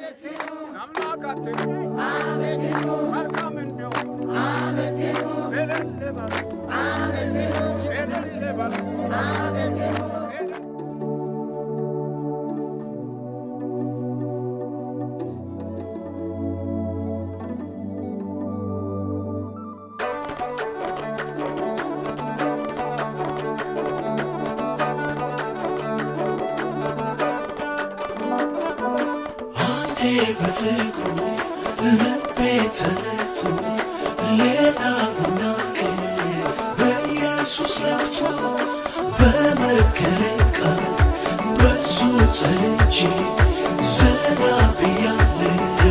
Amen. you. ልቤ በፍቅሩ ልቤ ተነሱ ሌላ ምናገ በኢየሱስ ረክቶ በመከረኝ ቃል በሱ ጸንቼ ዘና ብያለሁ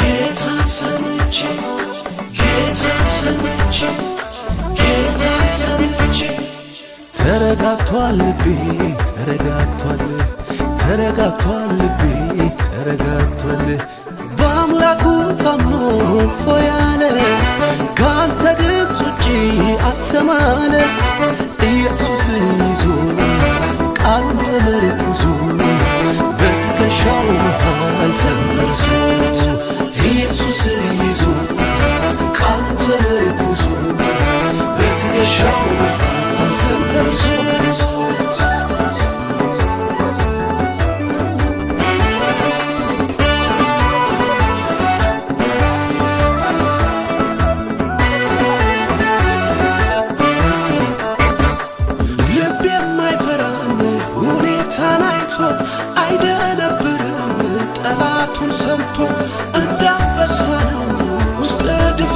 ጌታ ሰምቼ ጌታ ሰምቼ ጌታ ሰምቼ ተረጋግቷል ልቤ ተረጋግቷል ተረጋግቷል ልቤ ተረጋግቶልህ በአምላኩ ታምኖ ፎ ያለ ከአንተ ድምፅ ውጪ አልሰማለ ኢየሱስን ይዞ ቃሉን ተመርኩዞ በትከሻው መሃል ተንተርሶ ኢየሱስን ይዞ ቃሉን ተመርኩዞ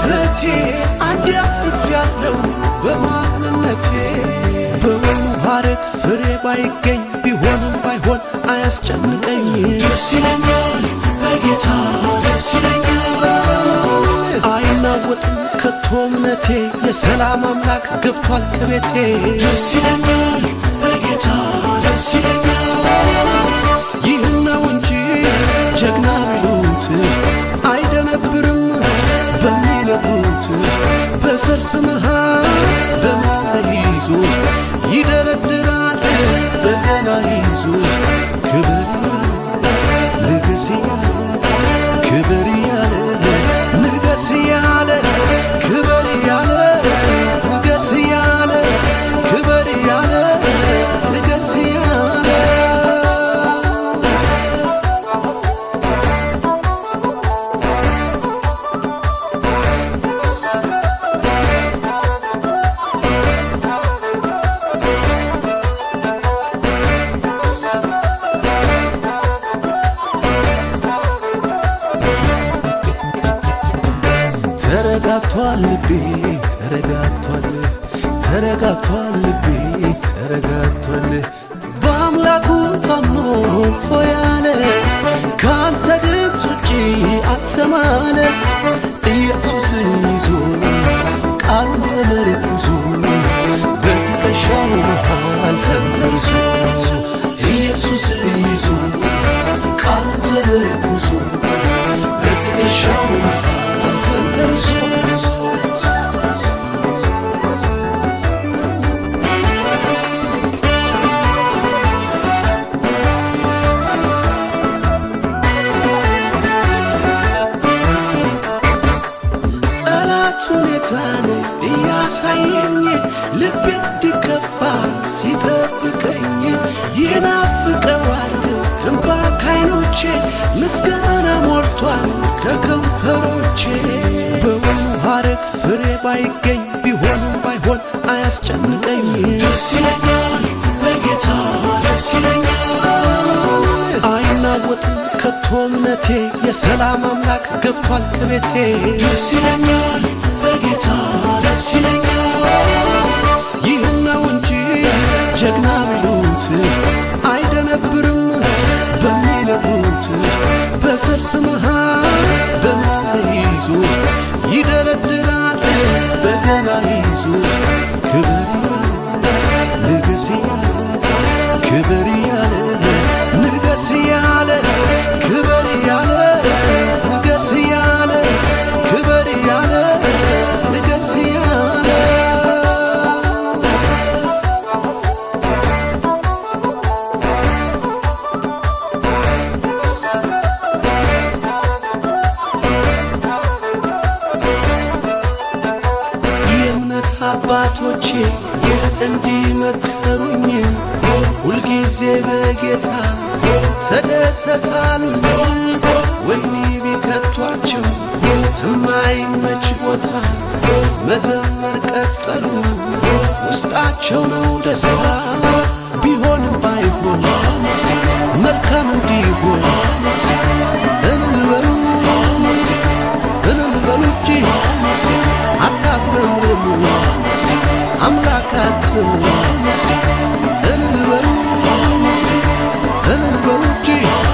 በፍጥረቴ አንድ ያርፍ ያለው በማንነቴ በወይኑ ሐረግ ፍሬ ባይገኝ ቢሆንም ባይሆን አያስጨንቀኝ። ደስ ይለኛል በጌታ ደስ ይለኛል። አይናወጥም ከቶ እምነቴ የሰላም አምላክ ገብቷል ከቤቴ። ደስ ይለኛል በጌታ ደስ ይለኛል። ነው እንጂ ጀግና ቢሎ what ብርሃን እያሳየኝ ልቤ እንዲከፋ ሲጠብቀኝ ይናፍቀዋል እምባ ካይኖቼ ምስጋና ሞልቷል ከከንፈሮቼ በውሃ ረግ ፍሬ ባይገኝ ቢሆንም ባይሆን አያስጨንቀኝ ደስ ይለኛል በጌታ ደስ ይለኛል አይናወጥም ከቶ እምነቴ የሰላም አምላክ ገብቷል ከቤቴ ደስ ይለኛል በጌታ ደስ ይለኛል። ይህ ነው እንጂ ጀግና ቢሉት አይደነብርም በሚነግሩት በሰልፍ መሃል ጠላቶቼ እንዲመከሩኝ ሁልጊዜ በጌታ ተደሰታሉኝ ወኒ ቢከቷቸው የማይመች ቦታ መዘመር ቀጠሉ ውስጣቸው ነው ደስታ Ömür verir Ömür verir